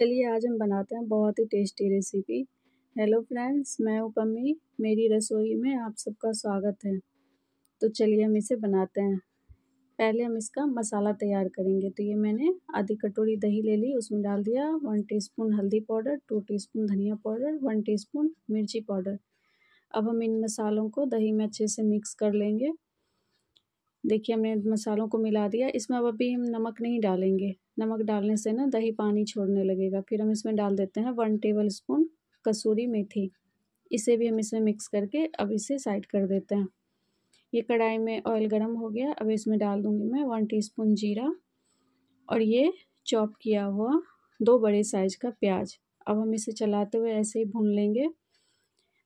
चलिए आज हम बनाते हैं बहुत ही टेस्टी रेसिपी हेलो फ्रेंड्स मैं उपमी मेरी रसोई में आप सबका स्वागत है तो चलिए हम इसे बनाते हैं पहले हम इसका मसाला तैयार करेंगे तो ये मैंने आधी कटोरी दही ले ली उसमें डाल दिया वन टीस्पून हल्दी पाउडर टू टीस्पून धनिया पाउडर वन टीस्पून मिर्ची पाउडर अब हम इन मसालों को दही में अच्छे से मिक्स कर लेंगे देखिए हमने मसालों को मिला दिया इसमें अब अभी हम नमक नहीं डालेंगे नमक डालने से ना दही पानी छोड़ने लगेगा फिर हम इसमें डाल देते हैं वन टेबल स्पून कसूरी मेथी इसे भी हम इसमें मिक्स करके अब इसे साइड कर देते हैं ये कढ़ाई में ऑयल गर्म हो गया अब इसमें डाल दूँगी मैं वन टी जीरा और ये चॉप किया हुआ दो बड़े साइज का प्याज अब हम इसे चलाते हुए ऐसे ही भून लेंगे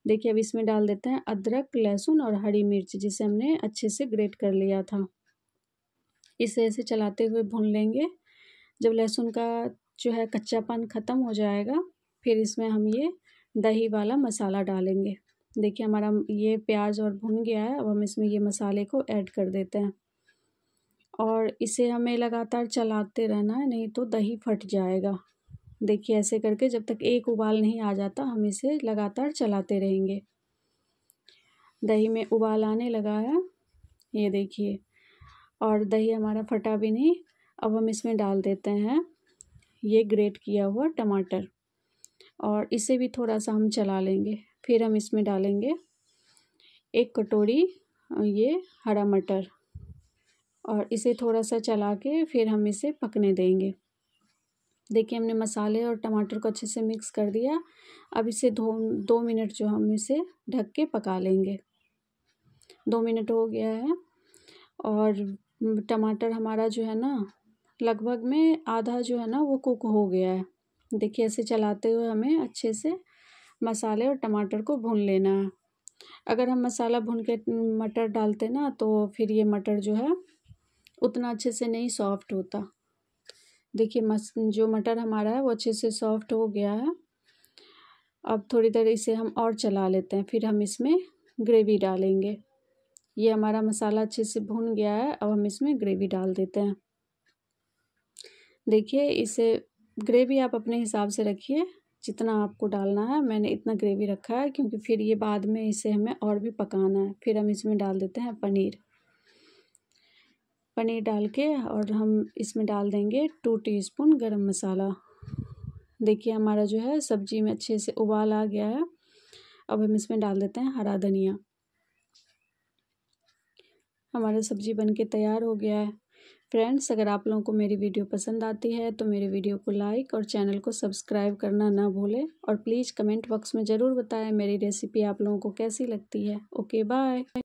देखिए अब इसमें डाल देते हैं अदरक लहसुन और हरी मिर्च जिसे हमने अच्छे से ग्रेट कर लिया था इसे ऐसे चलाते हुए भून लेंगे जब लहसुन का जो है कच्चापन ख़त्म हो जाएगा फिर इसमें हम ये दही वाला मसाला डालेंगे देखिए हमारा ये प्याज और भुन गया है अब हम इसमें ये मसाले को ऐड कर देते हैं और इसे हमें लगातार चलाते रहना है नहीं तो दही फट जाएगा देखिए ऐसे करके जब तक एक उबाल नहीं आ जाता हम इसे लगातार चलाते रहेंगे दही में उबाल आने लगा है ये देखिए और दही हमारा फटा भी नहीं अब हम इसमें डाल देते हैं ये ग्रेट किया हुआ टमाटर और इसे भी थोड़ा सा हम चला लेंगे फिर हम इसमें डालेंगे एक कटोरी ये हरा मटर और इसे थोड़ा सा चला के फिर हम इसे पकने देंगे देखिए हमने मसाले और टमाटर को अच्छे से मिक्स कर दिया अब इसे दो दो मिनट जो हम इसे ढक के पका लेंगे दो मिनट हो गया है और टमाटर हमारा जो है ना लगभग में आधा जो है ना वो कुक हो गया है देखिए ऐसे चलाते हुए हमें अच्छे से मसाले और टमाटर को भून लेना है अगर हम मसाला भून के मटर डालते ना तो फिर ये मटर जो है उतना अच्छे से नहीं सॉफ्ट होता देखिए मस जो मटर हमारा है वो अच्छे से सॉफ्ट हो गया है अब थोड़ी देर इसे हम और चला लेते हैं फिर हम इसमें ग्रेवी डालेंगे ये हमारा मसाला अच्छे से भून गया है अब हम इसमें ग्रेवी डाल देते हैं देखिए इसे ग्रेवी आप अपने हिसाब से रखिए जितना आपको डालना है मैंने इतना ग्रेवी रखा है क्योंकि फिर ये बाद में इसे हमें और भी पकाना है फिर हम इसमें डाल देते हैं पनीर पनीर डाल के और हम इसमें डाल देंगे टू टीस्पून गरम मसाला देखिए हमारा जो है सब्जी में अच्छे से उबाल आ गया है अब हम इसमें डाल देते हैं हरा धनिया हमारा सब्जी बन के तैयार हो गया है फ्रेंड्स अगर आप लोगों को मेरी वीडियो पसंद आती है तो मेरे वीडियो को लाइक और चैनल को सब्सक्राइब करना ना भूलें और प्लीज़ कमेंट बॉक्स में ज़रूर बताएं मेरी रेसिपी आप लोगों को कैसी लगती है ओके बाय